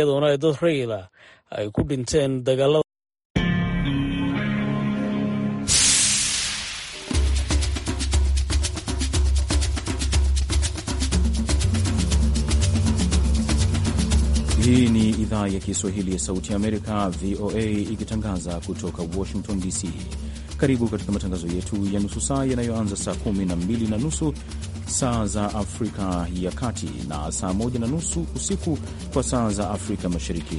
iyadona ay dad ah ay ku dhinteen dagaalada. Hii ni idhaa ya Kiswahili ya Sauti ya Amerika, VOA, ikitangaza kutoka Washington DC. Karibu katika matangazo yetu ya nusu saa yanayoanza saa kumi na mbili na nusu saa za Afrika ya Kati na saa moja na nusu usiku kwa saa za Afrika Mashariki.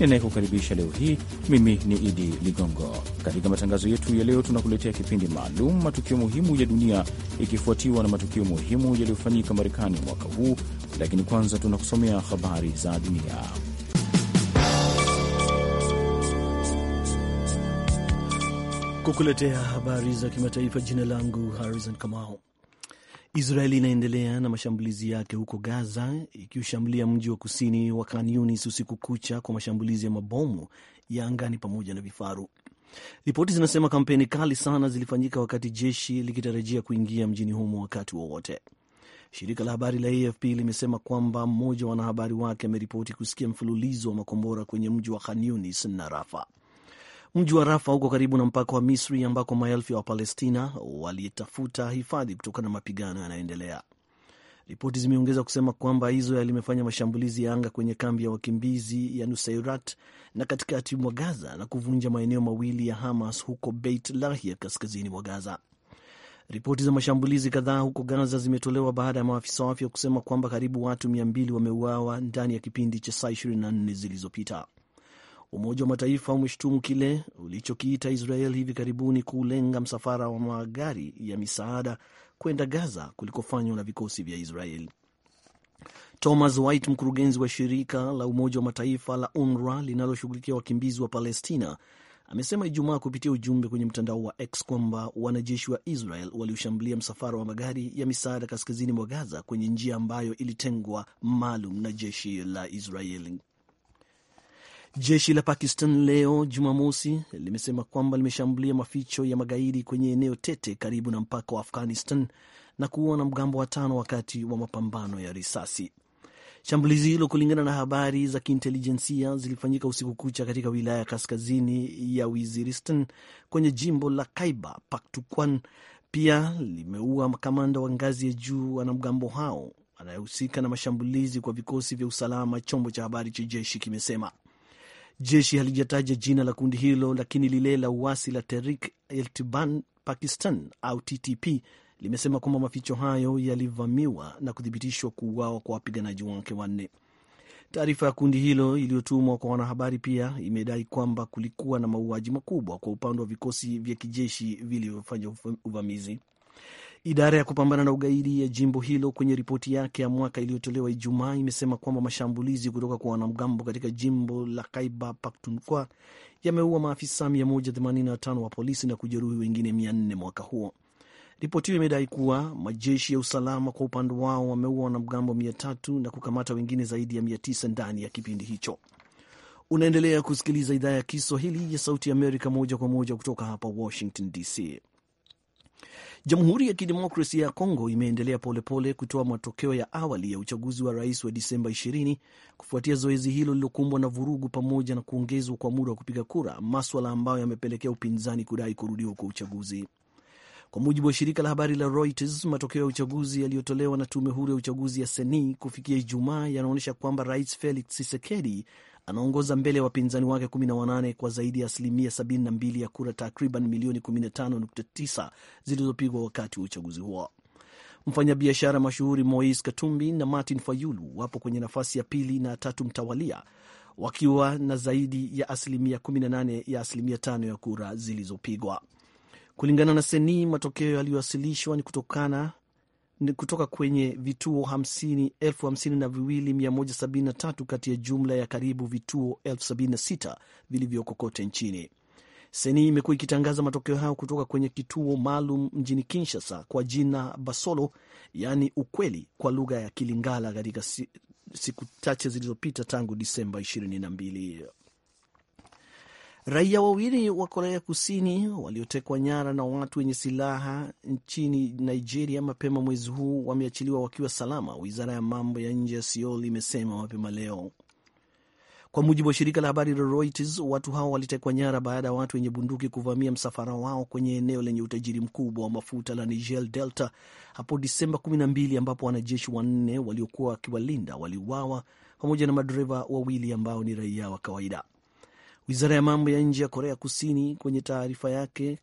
Ninayekukaribisha leo hii mimi ni Idi Ligongo. Katika matangazo yetu ya leo, tunakuletea kipindi maalum matukio muhimu ya dunia, ikifuatiwa na matukio muhimu yaliyofanyika Marekani mwaka huu, lakini kwanza tunakusomea habari za dunia. Kukuletea habari za kimataifa, jina langu Harrison Kamau. Israeli inaendelea na mashambulizi yake huko Gaza, ikiushambulia mji wa kusini wa Khan Yunis usiku kucha kwa mashambulizi ya mabomu ya angani pamoja na vifaru. Ripoti zinasema kampeni kali sana zilifanyika wakati jeshi likitarajia kuingia mjini humo wakati wowote wa Shirika la habari la AFP limesema kwamba mmoja wa wanahabari wake ameripoti kusikia mfululizo wa makombora kwenye mji wa Khan Yunis na Rafa. Mji wa Rafa uko karibu na mpaka wa Misri ambako maelfu ya Wapalestina walitafuta hifadhi kutokana na mapigano yanayoendelea. Ripoti zimeongeza kusema kwamba Israel imefanya mashambulizi ya anga kwenye kambi ya wakimbizi ya Nuseirat na katikati mwa Gaza na kuvunja maeneo mawili ya Hamas huko Beit Lahia, kaskazini mwa Gaza. Ripoti za mashambulizi kadhaa huko Gaza zimetolewa baada ya maafisa wa afya kusema kwamba karibu watu mia mbili wameuawa ndani ya kipindi cha saa 24 zilizopita. Umoja wa Mataifa umeshutumu kile ulichokiita Israel hivi karibuni kulenga msafara wa magari ya misaada kwenda Gaza kulikofanywa na vikosi vya Israel. Thomas White, mkurugenzi wa shirika la Umoja wa Mataifa la UNRWA linaloshughulikia wakimbizi wa Palestina, amesema Ijumaa kupitia ujumbe kwenye mtandao wa X kwamba wanajeshi wa Israel walioshambulia msafara wa magari ya misaada kaskazini mwa Gaza kwenye njia ambayo ilitengwa maalum na jeshi la Israeli. Jeshi la Pakistan leo Jumamosi limesema kwamba limeshambulia maficho ya magaidi kwenye eneo tete karibu na mpaka wa Afghanistan na kuua wanamgambo watano wakati wa mapambano ya risasi. Shambulizi hilo, kulingana na habari za kiintelijensia, zilifanyika usiku kucha katika wilaya ya kaskazini ya Wiziristan kwenye jimbo la kaiba paktukwan Pia limeua makamanda wa ngazi ya juu wanamgambo hao anayehusika na mashambulizi kwa vikosi vya usalama, chombo cha habari cha jeshi kimesema. Jeshi halijataja jina la kundi hilo, lakini lile la uasi la Tehrik e Taliban Pakistan au TTP limesema kwamba maficho hayo yalivamiwa na kuthibitishwa kuuawa kwa wapiganaji wake wanne. Taarifa ya kundi hilo iliyotumwa kwa wanahabari pia imedai kwamba kulikuwa na mauaji makubwa kwa upande wa vikosi vya kijeshi vilivyofanya uvamizi. Idara ya kupambana na ugaidi ya jimbo hilo kwenye ripoti yake ya mwaka iliyotolewa Ijumaa imesema kwamba mashambulizi kutoka kwa wanamgambo katika jimbo la Kaiba Paktunkwa yameua maafisa 185 wa polisi na kujeruhi wengine 400 mwaka huo. Ripoti hiyo imedai kuwa majeshi ya usalama kwa upande wao wameua wanamgambo 300 na kukamata wengine zaidi ya 900 ndani ya kipindi hicho. Unaendelea kusikiliza idhaa ya Kiswahili ya Sauti ya Amerika moja kwa moja kutoka hapa Washington DC. Jamhuri ya Kidemokrasia ya Kongo imeendelea polepole kutoa matokeo ya awali ya uchaguzi wa rais wa Disemba 20 kufuatia zoezi hilo lilokumbwa na vurugu pamoja na kuongezwa kwa muda wa kupiga kura, maswala ambayo yamepelekea upinzani kudai kurudiwa kwa uchaguzi. Kwa mujibu wa shirika la habari la Reuters, matokeo ya uchaguzi yaliyotolewa na tume huru ya uchaguzi ya Seni kufikia Ijumaa yanaonyesha kwamba rais Felix Tshisekedi anaongoza mbele ya wapinzani wake 18 kwa zaidi ya asilimia 72 ya kura takriban milioni 15.9 zilizopigwa wakati wa uchaguzi huo. Mfanyabiashara mashuhuri Moise Katumbi na Martin Fayulu wapo kwenye nafasi ya pili na tatu mtawalia wakiwa na zaidi ya asilimia 18 ya asilimia tano ya kura zilizopigwa. Kulingana na Seni, matokeo yaliyowasilishwa ni kutokana kutoka kwenye vituo hamsini elfu hamsini na viwili mia moja sabini na tatu kati ya jumla ya karibu vituo elfu sabini na sita vilivyoko kote nchini. Seni imekuwa ikitangaza matokeo hayo kutoka kwenye kituo maalum mjini Kinshasa kwa jina Basolo, yaani ukweli kwa lugha ya Kilingala, katika siku chache zilizopita tangu Disemba 22. Raia wawili wa Korea Kusini waliotekwa nyara na watu wenye silaha nchini Nigeria mapema mwezi huu wameachiliwa wakiwa salama, wizara ya mambo ya nje ya Seoul imesema mapema leo, kwa mujibu wa shirika la habari la Reuters. Watu hao walitekwa nyara baada ya watu wenye bunduki kuvamia msafara wao kwenye eneo lenye utajiri mkubwa wa mafuta la Niger Delta hapo Disemba 12 ambapo wanajeshi wanne waliokuwa wakiwalinda waliuawa pamoja na madereva wawili ambao ni raia wa kawaida. Wizara ya mambo ya nje ya Korea Kusini kwenye taarifa yake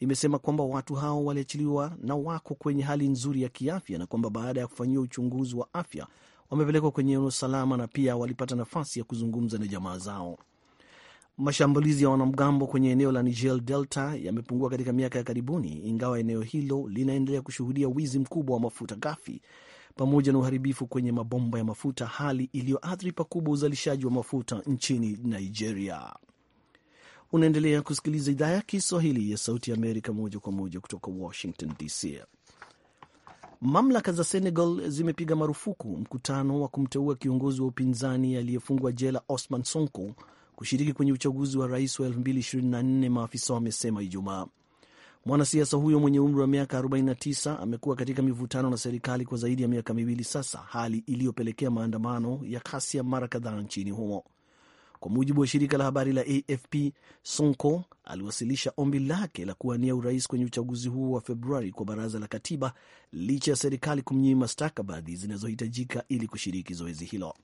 imesema kwamba watu hao waliachiliwa na wako kwenye hali nzuri ya kiafya na kwamba baada ya kufanyiwa uchunguzi wa afya wamepelekwa kwenye eneo salama na pia walipata nafasi ya kuzungumza na jamaa zao. Mashambulizi ya wanamgambo kwenye eneo la Niger Delta yamepungua katika miaka ya karibuni, ingawa eneo hilo linaendelea kushuhudia wizi mkubwa wa mafuta ghafi pamoja na uharibifu kwenye mabomba ya mafuta, hali iliyoathiri pakubwa uzalishaji wa mafuta nchini Nigeria. Unaendelea kusikiliza idhaa ya Kiswahili ya Sauti ya Amerika moja kwa moja kutoka Washington DC. Mamlaka za Senegal zimepiga marufuku mkutano wa kumteua kiongozi wa upinzani aliyefungwa jela Osman Sonko kushiriki kwenye uchaguzi wa rais wa 2024 maafisa wamesema Ijumaa. Mwanasiasa huyo mwenye umri wa miaka 49 amekuwa katika mivutano na serikali kwa zaidi ya miaka miwili sasa, hali iliyopelekea maandamano ya kasia mara kadhaa nchini humo. Kwa mujibu wa shirika la habari la AFP, Sonko aliwasilisha ombi lake la kuwania urais kwenye uchaguzi huo wa Februari kwa baraza la katiba licha ya serikali kumnyima stakabadhi zinazohitajika ili kushiriki zoezi hilo.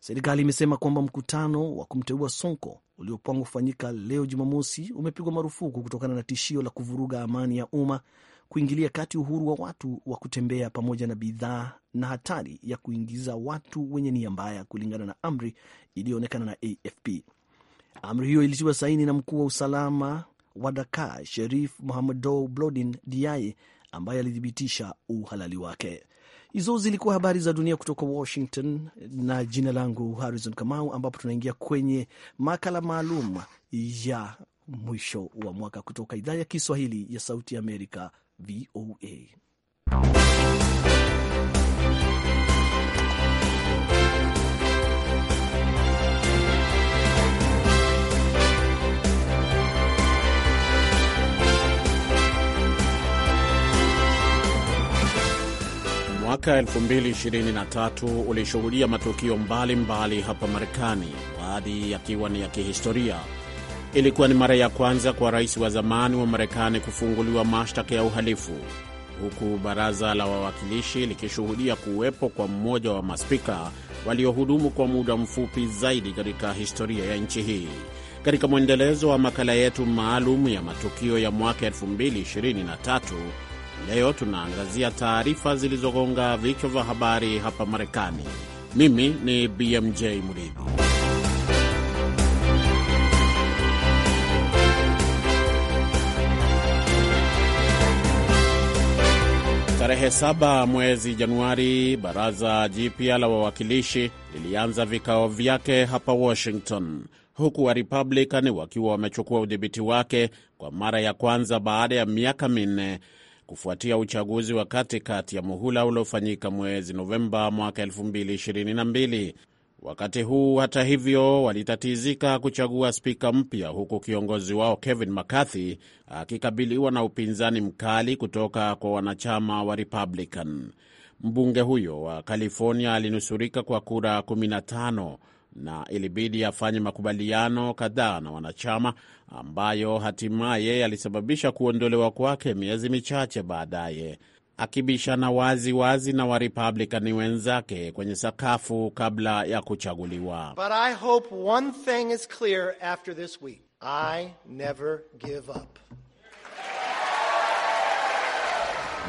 Serikali imesema kwamba mkutano wa kumteua Sonko uliopangwa kufanyika leo Jumamosi umepigwa marufuku kutokana na tishio la kuvuruga amani ya umma, kuingilia kati uhuru wa watu wa kutembea pamoja na bidhaa, na hatari ya kuingiza watu wenye nia mbaya, kulingana na amri iliyoonekana na AFP. Amri hiyo ilitiwa saini na mkuu wa usalama wa Dakar Sherif Mohamedou Blodin Diaye ambaye alithibitisha uhalali wake. Hizo zilikuwa habari za dunia kutoka Washington, na jina langu Harrison Kamau, ambapo tunaingia kwenye makala maalum ya mwisho wa mwaka kutoka idhaa ya Kiswahili ya Sauti ya Amerika, VOA. Mwaka 2023 ulishuhudia matukio mbalimbali mbali hapa Marekani, baadhi yakiwa ni ya kihistoria. Ilikuwa ni mara ya kwanza kwa rais wa zamani wa Marekani kufunguliwa mashtaka ya uhalifu, huku baraza la wawakilishi likishuhudia kuwepo kwa mmoja wa maspika waliohudumu kwa muda mfupi zaidi katika historia ya nchi hii. Katika mwendelezo wa makala yetu maalum ya matukio ya mwaka 2023 Leo tunaangazia taarifa zilizogonga vichwa vya habari hapa Marekani. Mimi ni BMJ Mridhi. Tarehe saba mwezi Januari, baraza jipya la wawakilishi lilianza vikao vyake hapa Washington, huku Warepublikani wakiwa wamechukua udhibiti wake kwa mara ya kwanza baada ya miaka minne kufuatia uchaguzi wa katikati ya muhula uliofanyika mwezi Novemba mwaka 2022. Wakati huu hata hivyo, walitatizika kuchagua spika mpya, huku kiongozi wao Kevin McCarthy akikabiliwa na upinzani mkali kutoka kwa wanachama wa Republican. Mbunge huyo wa California alinusurika kwa kura 15 na ilibidi afanye makubaliano kadhaa na wanachama ambayo hatimaye yalisababisha kuondolewa kwake miezi michache baadaye, akibishana wazi wazi na Warepublikani wenzake kwenye sakafu kabla ya kuchaguliwa. But I hope one thing is clear after this week. I never give up.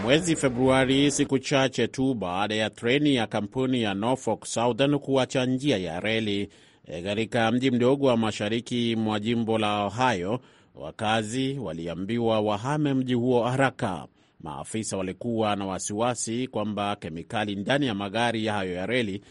Mwezi Februari, siku chache tu baada ya treni ya kampuni ya Norfolk Southern kuacha njia ya reli e, katika mji mdogo wa mashariki mwa jimbo la Ohio, wakazi waliambiwa wahame mji huo haraka. Maafisa walikuwa na wasiwasi kwamba kemikali ndani ya magari hayo ya reli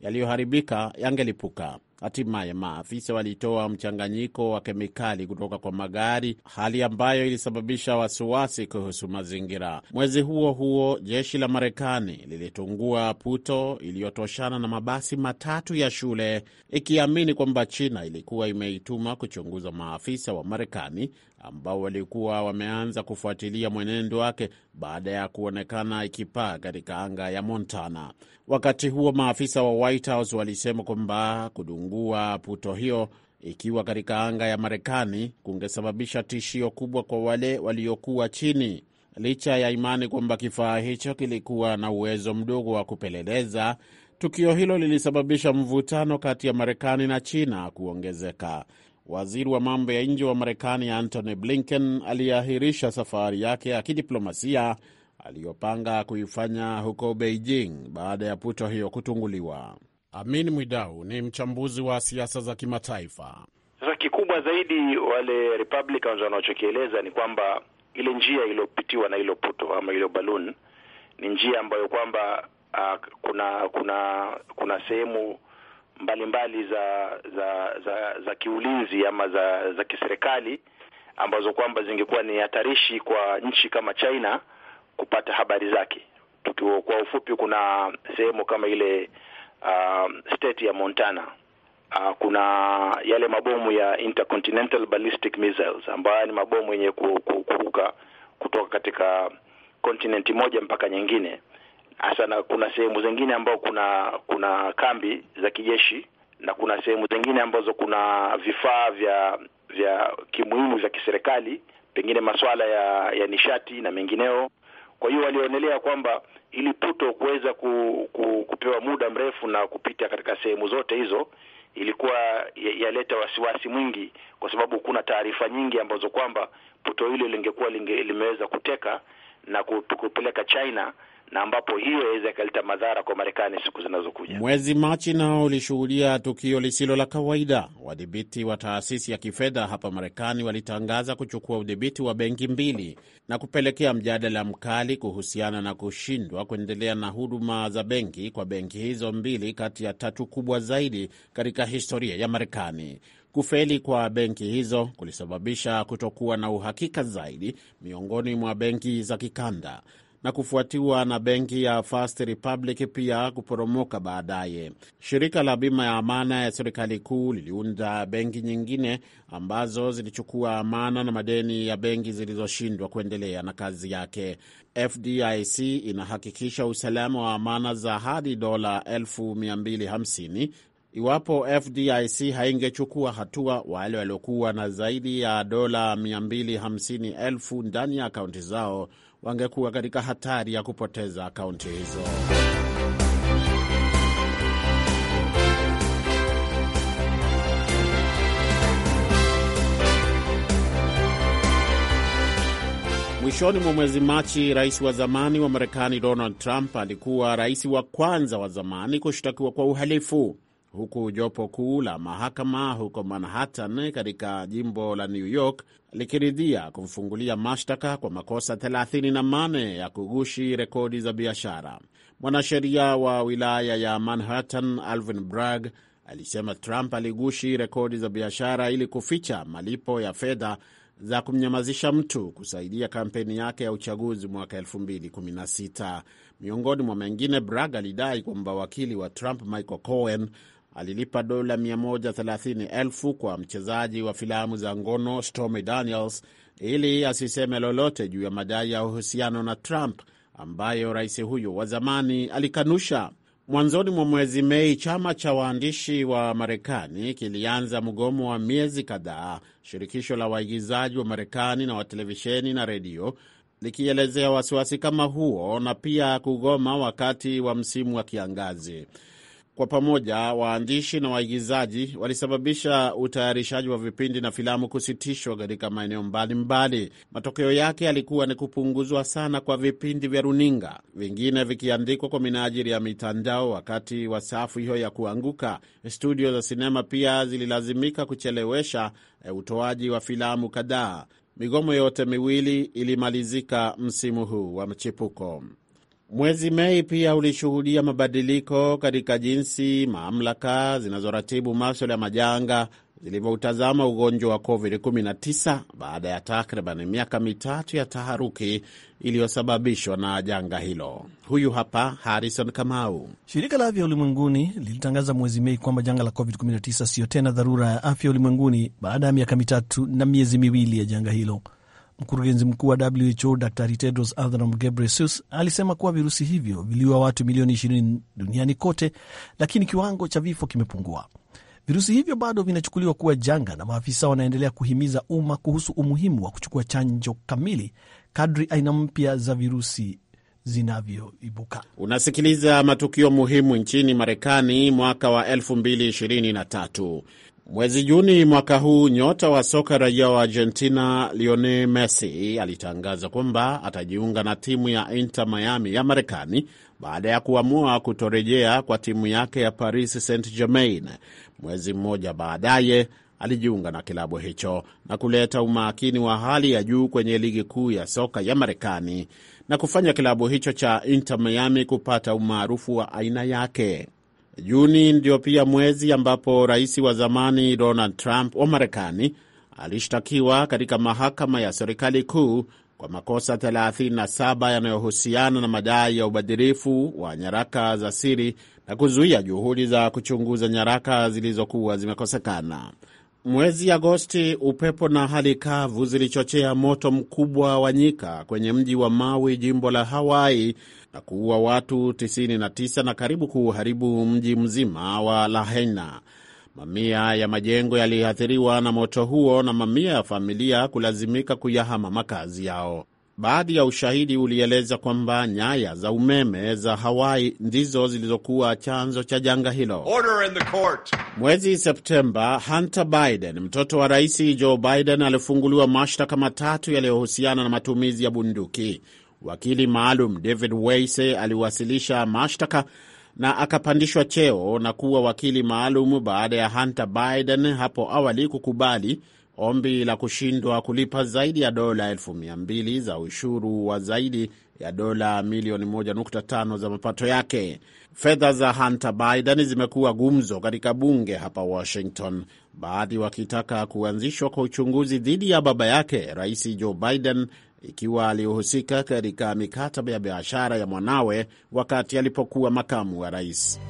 yaliyoharibika yangelipuka. Hatimaye maafisa walitoa mchanganyiko wa kemikali kutoka kwa magari, hali ambayo ilisababisha wasiwasi kuhusu mazingira. Mwezi huo huo, jeshi la Marekani lilitungua puto iliyotoshana na mabasi matatu ya shule, ikiamini kwamba China ilikuwa imeituma kuchunguza maafisa wa Marekani ambao walikuwa wameanza kufuatilia mwenendo wake baada ya kuonekana ikipaa katika anga ya Montana. Wakati huo maafisa wa White House walisema kwamba kudungua puto hiyo ikiwa katika anga ya Marekani kungesababisha tishio kubwa kwa wale waliokuwa chini. Licha ya imani kwamba kifaa hicho kilikuwa na uwezo mdogo wa kupeleleza, tukio hilo lilisababisha mvutano kati ya Marekani na China kuongezeka. Waziri wa mambo ya nje wa Marekani Antony Blinken aliahirisha safari yake ya kidiplomasia aliyopanga kuifanya huko Beijing baada ya puto hiyo kutunguliwa. Amin Mwidau ni mchambuzi wa siasa za kimataifa. Sasa kikubwa zaidi wale Republicans wanachokieleza ni kwamba ile njia iliyopitiwa na ilo puto ama ilo balloon ni njia ambayo kwamba uh, kuna kuna kuna sehemu mbalimbali za za za za kiulinzi ama za za kiserikali ambazo kwamba zingekuwa ni hatarishi kwa nchi kama China kupata habari zake. Tukiwa kwa ufupi, kuna sehemu kama ile uh, state ya Montana uh, kuna yale mabomu ya intercontinental ballistic missiles ambayo ni mabomu yenye kuruka kutoka katika kontinenti moja mpaka nyingine hasa, na kuna sehemu zingine ambao kuna kuna kambi za kijeshi na kuna sehemu zingine ambazo kuna vifaa vya vya kimuhimu vya kiserikali, pengine masuala ya, ya nishati na mengineo. Kwa hiyo walionelea kwamba ili puto kuweza ku, ku, kupewa muda mrefu na kupita katika sehemu zote hizo ilikuwa yaleta wasiwasi mwingi, kwa sababu kuna taarifa nyingi ambazo kwamba puto hilo lingekuwa limeweza kuteka na kupeleka China na ambapo hiyo yaweza ikaleta madhara kwa Marekani siku zinazokuja. Mwezi Machi nao ulishuhudia tukio lisilo la kawaida. Wadhibiti wa taasisi ya kifedha hapa Marekani walitangaza kuchukua udhibiti wa benki mbili na kupelekea mjadala mkali kuhusiana na kushindwa kuendelea na huduma za benki kwa benki hizo mbili kati ya tatu kubwa zaidi katika historia ya Marekani. Kufeli kwa benki hizo kulisababisha kutokuwa na uhakika zaidi miongoni mwa benki za kikanda na kufuatiwa na benki ya First Republic pia kuporomoka baadaye. Shirika la bima ya amana ya serikali kuu liliunda benki nyingine ambazo zilichukua amana na madeni ya benki zilizoshindwa kuendelea na kazi yake. FDIC inahakikisha usalama wa amana za hadi dola 250,000 Iwapo FDIC haingechukua hatua, wale waliokuwa na zaidi ya dola 250,000 ndani ya akaunti zao wangekuwa katika hatari ya kupoteza akaunti hizo. Mwishoni mwa mwezi Machi, rais wa zamani wa Marekani Donald Trump alikuwa rais wa kwanza wa zamani kushtakiwa kwa uhalifu huku jopo kuu la mahakama huko Manhattan katika jimbo la New York likiridhia kumfungulia mashtaka kwa makosa 38 ya kugushi rekodi za biashara. Mwanasheria wa wilaya ya Manhattan Alvin Bragg alisema Trump aligushi rekodi za biashara ili kuficha malipo ya fedha za kumnyamazisha mtu kusaidia kampeni yake ya uchaguzi mwaka 2016. Miongoni mwa mengine, Bragg alidai kwamba wakili wa Trump Michael Cohen alilipa dola 130,000 kwa mchezaji wa filamu za ngono Stormy Daniels ili asiseme lolote juu ya madai ya uhusiano na Trump ambayo rais huyo wa zamani alikanusha. Mwanzoni mwa mwezi Mei, chama cha waandishi wa Marekani kilianza mgomo wa miezi kadhaa, shirikisho la waigizaji wa Marekani na wa televisheni na redio likielezea wasiwasi kama huo na pia kugoma wakati wa msimu wa kiangazi. Kwa pamoja waandishi na waigizaji walisababisha utayarishaji wa vipindi na filamu kusitishwa katika maeneo mbalimbali. Matokeo yake yalikuwa ni kupunguzwa sana kwa vipindi vya runinga, vingine vikiandikwa kwa minajili ya mitandao. Wakati wa safu hiyo ya kuanguka, studio za sinema pia zililazimika kuchelewesha eh, utoaji wa filamu kadhaa. Migomo yote miwili ilimalizika msimu huu wa mchipuko. Mwezi Mei pia ulishuhudia mabadiliko katika jinsi mamlaka zinazoratibu maswala ya majanga zilivyoutazama ugonjwa wa COVID-19 baada ya takriban miaka mitatu ya taharuki iliyosababishwa na janga hilo. Huyu hapa Harrison Kamau. Shirika la Afya Ulimwenguni lilitangaza mwezi Mei kwamba janga la COVID-19 siyo tena dharura ya afya ulimwenguni baada ya miaka mitatu na miezi miwili ya janga hilo. Mkurugenzi mkuu wa WHO d Tedros Adhanom Ghebreyesus alisema kuwa virusi hivyo viliua watu milioni 20 duniani kote, lakini kiwango cha vifo kimepungua. Virusi hivyo bado vinachukuliwa kuwa janga na maafisa wanaendelea kuhimiza umma kuhusu umuhimu wa kuchukua chanjo kamili kadri aina mpya za virusi zinavyoibuka. Unasikiliza matukio muhimu nchini Marekani mwaka wa 2023. Mwezi Juni mwaka huu nyota wa soka raia wa Argentina Lionel Messi alitangaza kwamba atajiunga na timu ya Inter Miami ya Marekani baada ya kuamua kutorejea kwa timu yake ya Paris Saint Germain. Mwezi mmoja baadaye alijiunga na kilabu hicho na kuleta umakini wa hali ya juu kwenye ligi kuu ya soka ya Marekani na kufanya kilabu hicho cha Inter Miami kupata umaarufu wa aina yake. Juni ndio pia mwezi ambapo rais wa zamani Donald Trump wa Marekani alishtakiwa katika mahakama ya serikali kuu kwa makosa 37 yanayohusiana na madai ya ubadhirifu wa nyaraka za siri na kuzuia juhudi za kuchunguza nyaraka zilizokuwa zimekosekana. Mwezi Agosti, upepo na hali kavu zilichochea moto mkubwa wa nyika kwenye mji wa Maui, jimbo la Hawaii, na kuua watu 99 na karibu kuharibu mji mzima wa Lahaina. Mamia ya majengo yaliathiriwa na moto huo na mamia ya familia kulazimika kuyahama makazi yao. Baadhi ya ushahidi ulieleza kwamba nyaya za umeme za Hawaii ndizo zilizokuwa chanzo cha janga hilo. Mwezi Septemba, Hunter Biden, mtoto wa rais Joe Biden, alifunguliwa mashtaka matatu yaliyohusiana na matumizi ya bunduki. Wakili maalum David Weise aliwasilisha mashtaka na akapandishwa cheo na kuwa wakili maalum baada ya Hunter Biden hapo awali kukubali ombi la kushindwa kulipa zaidi ya dola elfu mia mbili za ushuru wa zaidi ya dola milioni 1.5 za mapato yake. Fedha za Hunter Biden zimekuwa gumzo katika bunge hapa Washington, baadhi wakitaka kuanzishwa kwa uchunguzi dhidi ya baba yake Rais Joe Biden ikiwa alihusika katika mikataba ya biashara ya mwanawe wakati alipokuwa makamu wa rais.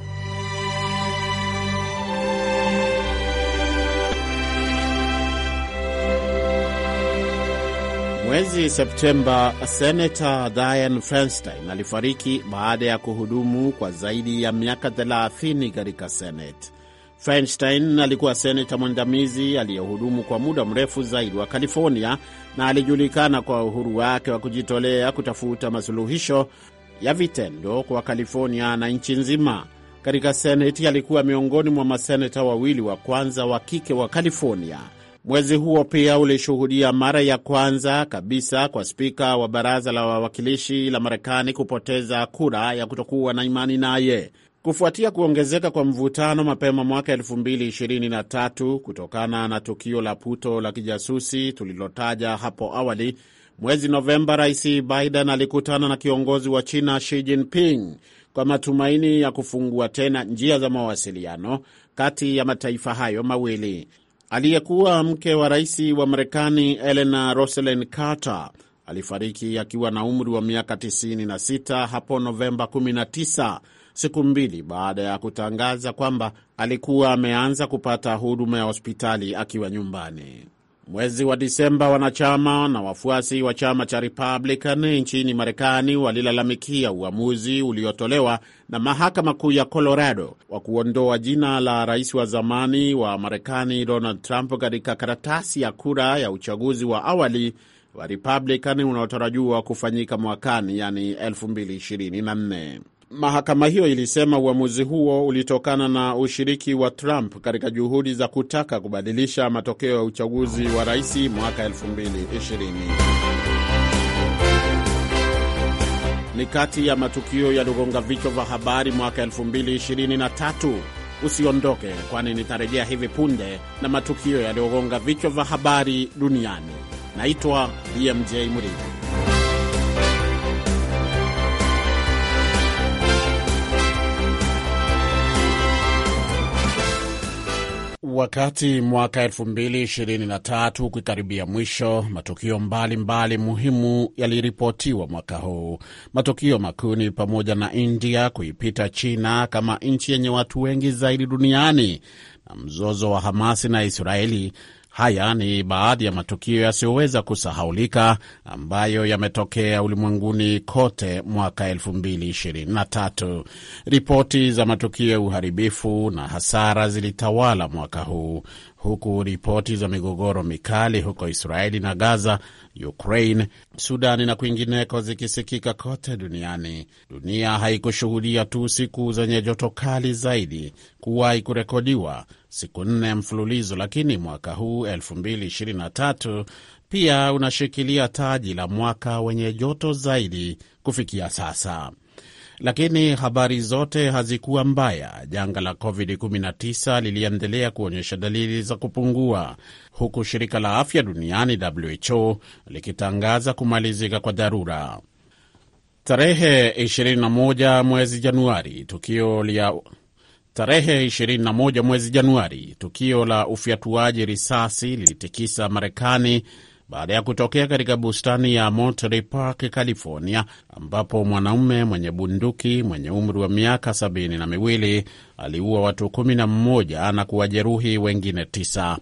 Mwezi Septemba, senata Dianne Feinstein alifariki baada ya kuhudumu kwa zaidi ya miaka 30 katika Senate. Feinstein alikuwa seneta mwandamizi aliyehudumu kwa muda mrefu zaidi wa California na alijulikana kwa uhuru wake wa kujitolea kutafuta masuluhisho ya vitendo kwa California na nchi nzima. Katika seneti alikuwa miongoni mwa maseneta wawili wa kwanza wa kike wa California. Mwezi huo pia ulishuhudia mara ya kwanza kabisa kwa spika wa baraza la wawakilishi la Marekani kupoteza kura ya kutokuwa na imani naye. Kufuatia kuongezeka kwa mvutano mapema mwaka 2023 kutokana na tukio la puto la kijasusi tulilotaja hapo awali, mwezi Novemba, Rais Biden alikutana na kiongozi wa China Xi Jinping kwa matumaini ya kufungua tena njia za mawasiliano kati ya mataifa hayo mawili. Aliyekuwa mke wa rais wa Marekani Elena Roselyn Carter alifariki akiwa na umri wa miaka 96 hapo Novemba 19 siku mbili baada ya kutangaza kwamba alikuwa ameanza kupata huduma ya hospitali akiwa nyumbani. Mwezi wa Disemba, wanachama na wafuasi wa chama cha Republican nchini Marekani walilalamikia uamuzi uliotolewa na mahakama kuu ya Colorado wa kuondoa jina la rais wa zamani wa Marekani Donald Trump katika karatasi ya kura ya uchaguzi wa awali wa Republican unaotarajiwa kufanyika mwakani, yani 2024. Mahakama hiyo ilisema uamuzi huo ulitokana na ushiriki wa Trump katika juhudi za kutaka kubadilisha matokeo ya uchaguzi wa rais mwaka 2020. Ni kati ya matukio yaliyogonga vichwa vya habari mwaka 2023. Usiondoke, kwani nitarejea hivi punde na matukio yaliyogonga vichwa vya habari duniani. Naitwa BMJ Mridhi. Wakati mwaka 2023 ukikaribia mwisho, matukio mbalimbali mbali muhimu yaliripotiwa mwaka huu. Matukio makuu ni pamoja na India kuipita China kama nchi yenye watu wengi zaidi duniani na mzozo wa Hamasi na Israeli Haya ni baadhi ya matukio yasiyoweza kusahaulika ambayo yametokea ulimwenguni kote mwaka 2023. Ripoti za matukio ya uharibifu na hasara zilitawala mwaka huu huku ripoti za migogoro mikali huko Israeli na Gaza, Ukraine, Sudani na kwingineko zikisikika kote duniani. Dunia haikushuhudia tu siku zenye joto kali zaidi kuwahi kurekodiwa, siku nne mfululizo, lakini mwaka huu 2023 pia unashikilia taji la mwaka wenye joto zaidi kufikia sasa. Lakini habari zote hazikuwa mbaya. Janga la COVID-19 liliendelea kuonyesha dalili za kupungua, huku shirika la afya duniani WHO likitangaza kumalizika kwa dharura tarehe 21 mwezi Januari. Tukio lia Tarehe 21 mwezi Januari, tukio la ufyatuaji risasi lilitikisa Marekani baada ya kutokea katika bustani ya Monterey Park, California, ambapo mwanaume mwenye bunduki mwenye umri wa miaka sabini na miwili aliua watu kumi na mmoja na kuwajeruhi wengine tisa.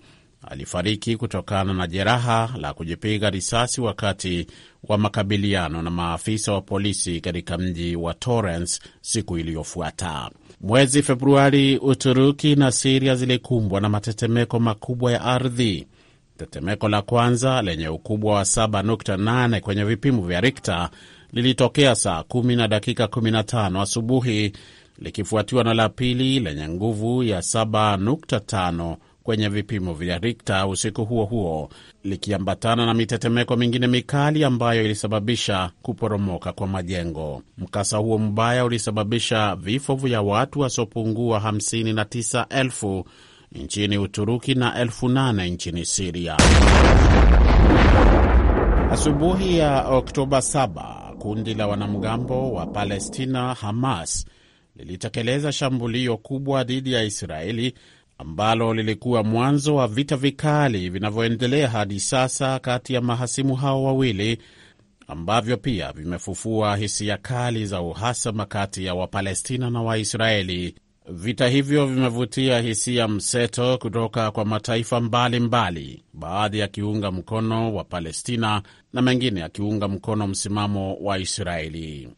Alifariki kutokana na jeraha la kujipiga risasi wakati wa makabiliano na maafisa wa polisi katika mji wa Torrance siku iliyofuata. Mwezi Februari, Uturuki na Siria zilikumbwa na matetemeko makubwa ya ardhi. Tetemeko la kwanza lenye ukubwa wa 7.8 kwenye vipimo vya Richter lilitokea saa 10 na dakika 15 asubuhi likifuatiwa na la pili lenye nguvu ya 7.5 kwenye vipimo vya Richter usiku huo huo likiambatana na mitetemeko mingine mikali ambayo ilisababisha kuporomoka kwa majengo. Mkasa huo mbaya ulisababisha vifo vya watu wasiopungua 59,000 nchini Uturuki na elfu nane nchini Siria. Asubuhi ya Oktoba 7 kundi la wanamgambo wa Palestina Hamas lilitekeleza shambulio kubwa dhidi ya Israeli ambalo lilikuwa mwanzo wa vita vikali vinavyoendelea hadi sasa kati ya mahasimu hao wawili ambavyo pia vimefufua hisia kali za uhasama kati ya Wapalestina na Waisraeli Vita hivyo vimevutia hisia mseto kutoka kwa mataifa mbalimbali mbali, baadhi yakiunga mkono wa Palestina na mengine yakiunga mkono msimamo wa Israeli.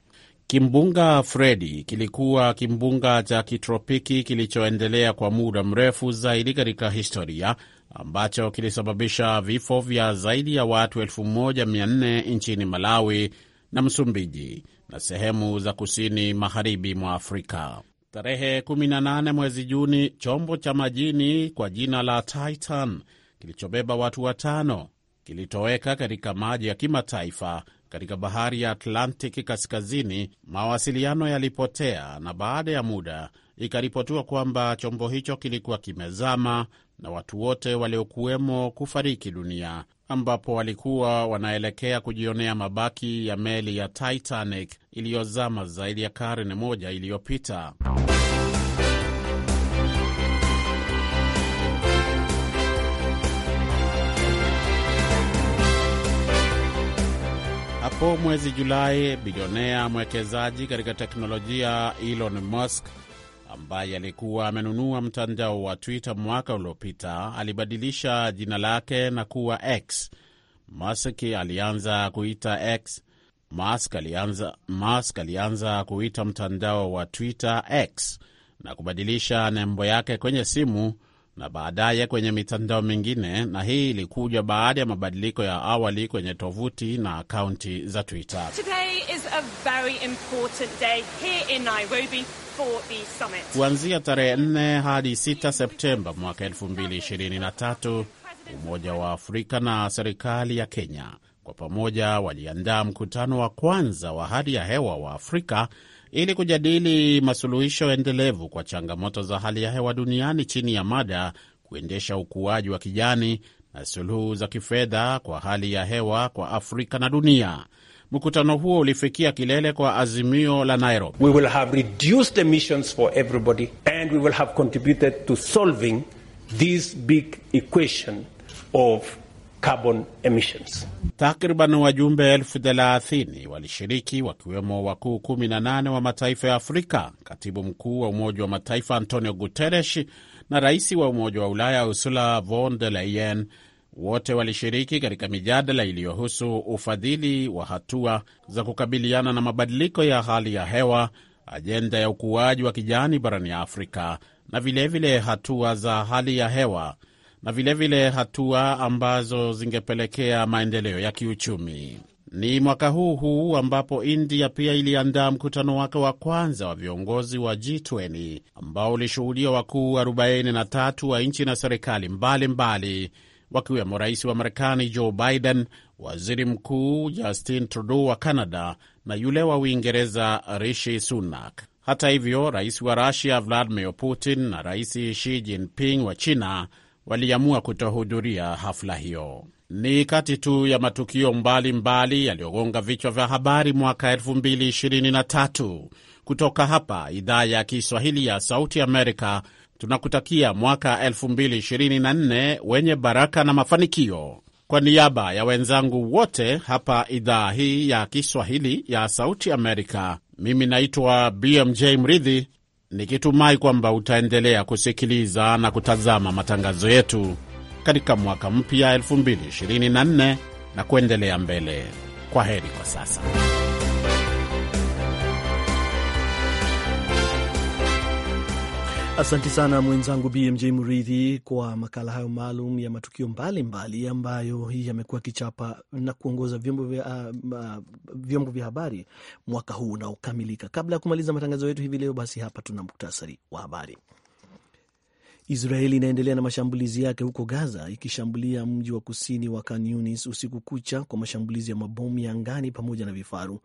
Kimbunga Fredi kilikuwa kimbunga cha kitropiki kilichoendelea kwa muda mrefu zaidi katika historia ambacho kilisababisha vifo vya zaidi ya watu 1400 nchini Malawi na Msumbiji na sehemu za kusini magharibi mwa Afrika. Tarehe 18 mwezi Juni, chombo cha majini kwa jina la Titan kilichobeba watu watano kilitoweka katika maji ya kimataifa katika bahari ya Atlantic kaskazini. Mawasiliano yalipotea na baada ya muda ikaripotiwa kwamba chombo hicho kilikuwa kimezama na watu wote waliokuwemo kufariki dunia ambapo walikuwa wanaelekea kujionea mabaki ya meli ya Titanic iliyozama zaidi ya karne moja iliyopita. Hapo mwezi Julai, bilionea mwekezaji katika teknolojia Elon Musk ambaye alikuwa amenunua mtandao wa Twitter mwaka uliopita alibadilisha jina lake na kuwa X. Musk alianza kuita X. Musk alianza, Musk alianza kuita mtandao wa Twitter X na kubadilisha nembo yake kwenye simu na baadaye kwenye mitandao mingine, na hii ilikuja baada ya mabadiliko ya awali kwenye tovuti na akaunti za Twitter Today is a very important day here in Nairobi. Kuanzia tarehe 4 hadi 6 Septemba mwaka 2023, Umoja wa Afrika na serikali ya Kenya kwa pamoja waliandaa mkutano wa kwanza wa hali ya hewa wa Afrika ili kujadili masuluhisho endelevu kwa changamoto za hali ya hewa duniani chini ya mada kuendesha ukuaji wa kijani na suluhu za kifedha kwa hali ya hewa kwa Afrika na dunia. Mkutano huo ulifikia kilele kwa azimio la Nairobi. We will have reduced emissions for everybody and we will have contributed to solving this big equation of carbon emissions. Takriban wajumbe elfu thelathini walishiriki wakiwemo wakuu 18 wa mataifa ya Afrika, katibu mkuu wa Umoja wa Mataifa Antonio Guterres na rais wa Umoja wa Ulaya Ursula von der Leyen wote walishiriki katika mijadala iliyohusu ufadhili wa hatua za kukabiliana na mabadiliko ya hali ya hewa, ajenda ya ukuaji wa kijani barani Afrika na vilevile vile hatua za hali ya hewa na vilevile vile hatua ambazo zingepelekea maendeleo ya kiuchumi. Ni mwaka huu huu ambapo India pia iliandaa mkutano wake wa kwanza wa viongozi wa G20 ambao ulishuhudia wakuu 43 wa nchi na serikali mbalimbali mbali wakiwemo rais wa Marekani Joe Biden, waziri mkuu Justin Trudeau wa Canada na yule wa Uingereza Rishi Sunak. Hata hivyo, rais wa Rusia Vladimir Putin na rais Xi Jinping wa China waliamua kutohudhuria hafla hiyo. Ni kati tu ya matukio mbalimbali yaliyogonga vichwa vya habari mwaka 2023. Kutoka hapa idhaa ya Kiswahili ya Sauti Amerika tunakutakia mwaka 2024 wenye baraka na mafanikio. Kwa niaba ya wenzangu wote hapa idhaa hii ya Kiswahili ya Sauti Amerika, mimi naitwa BMJ Mridhi, nikitumai kwamba utaendelea kusikiliza na kutazama matangazo yetu katika mwaka mpya 2024 na kuendelea mbele. Kwa heri kwa sasa. Asante sana mwenzangu BMJ Mridhi kwa makala hayo maalum ya matukio mbalimbali mbali ambayo yamekuwa kichapa na kuongoza vyombo vya, uh, vyombo vya habari mwaka huu unaokamilika. Kabla ya kumaliza matangazo yetu hivi leo, basi hapa tuna muktasari wa habari. Israeli inaendelea na mashambulizi yake huko Gaza, ikishambulia mji wa kusini wa Khan Yunis usiku kucha kwa mashambulizi ya mabomu ya angani pamoja na vifaru.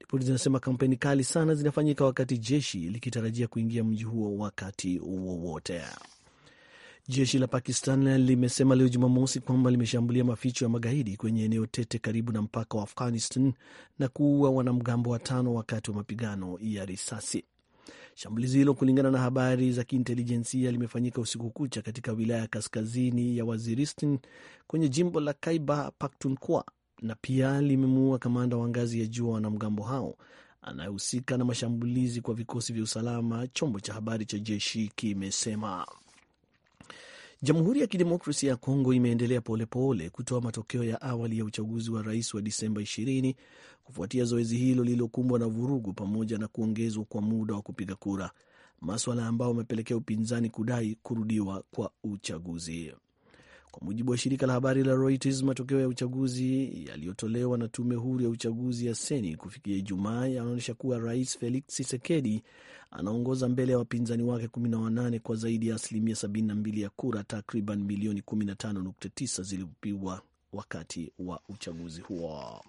Ripoti zinasema kampeni kali sana zinafanyika wakati jeshi likitarajia kuingia mji huo wakati wowote. Jeshi la Pakistan limesema leo Jumamosi kwamba limeshambulia maficho ya magaidi kwenye eneo tete karibu na mpaka wa Afghanistan na kuua wanamgambo watano wakati wa mapigano ya risasi. Shambulizi hilo, kulingana na habari za kiintelijensia, limefanyika usiku kucha katika wilaya ya kaskazini ya Waziristan kwenye jimbo la Kaiba Pakhtunkhwa na pia limemuua kamanda wa ngazi ya juu wa wanamgambo hao anayehusika na mashambulizi kwa vikosi vya usalama, chombo cha habari cha jeshi kimesema. Jamhuri ya Kidemokrasia ya Kongo imeendelea polepole kutoa matokeo ya awali ya uchaguzi wa rais wa Disemba 20 kufuatia zoezi hilo lililokumbwa na vurugu pamoja na kuongezwa kwa muda wa kupiga kura, maswala ambayo amepelekea upinzani kudai kurudiwa kwa uchaguzi. Kwa mujibu wa shirika la habari la Reuters, matokeo ya uchaguzi yaliyotolewa na tume huru ya uchaguzi ya Seni kufikia Ijumaa yanaonyesha kuwa rais Felix Tshisekedi anaongoza mbele ya wapinzani wake 18 kwa zaidi ya asilimia 72 ya kura, takriban milioni 15.9 zilizopigwa wakati wa uchaguzi huo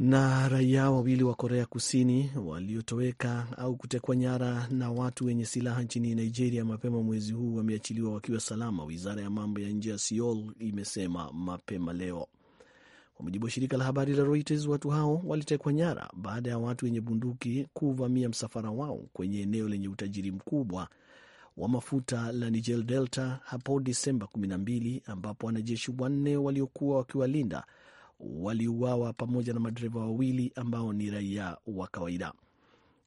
na raia wawili wa Korea Kusini waliotoweka au kutekwa nyara na watu wenye silaha nchini Nigeria mapema mwezi huu wameachiliwa wakiwa salama, wizara ya mambo ya nje ya Seoul imesema mapema leo. Kwa mujibu wa shirika la habari la Reuters, watu hao walitekwa nyara baada ya watu wenye bunduki kuvamia msafara wao kwenye eneo lenye utajiri mkubwa wa mafuta la Niger Delta hapo Disemba 12, ambapo wanajeshi wanne waliokuwa wakiwalinda waliuawa pamoja na madereva wawili ambao ni raia wa kawaida.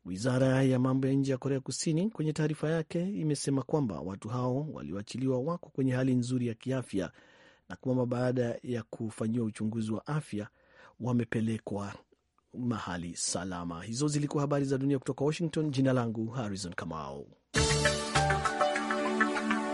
Wizara ya mambo ya nje ya Korea Kusini kwenye taarifa yake imesema kwamba watu hao walioachiliwa wako kwenye hali nzuri ya kiafya na kwamba baada ya kufanyiwa uchunguzi wa afya wamepelekwa mahali salama. Hizo zilikuwa habari za dunia kutoka Washington. Jina langu Harrison Kamau.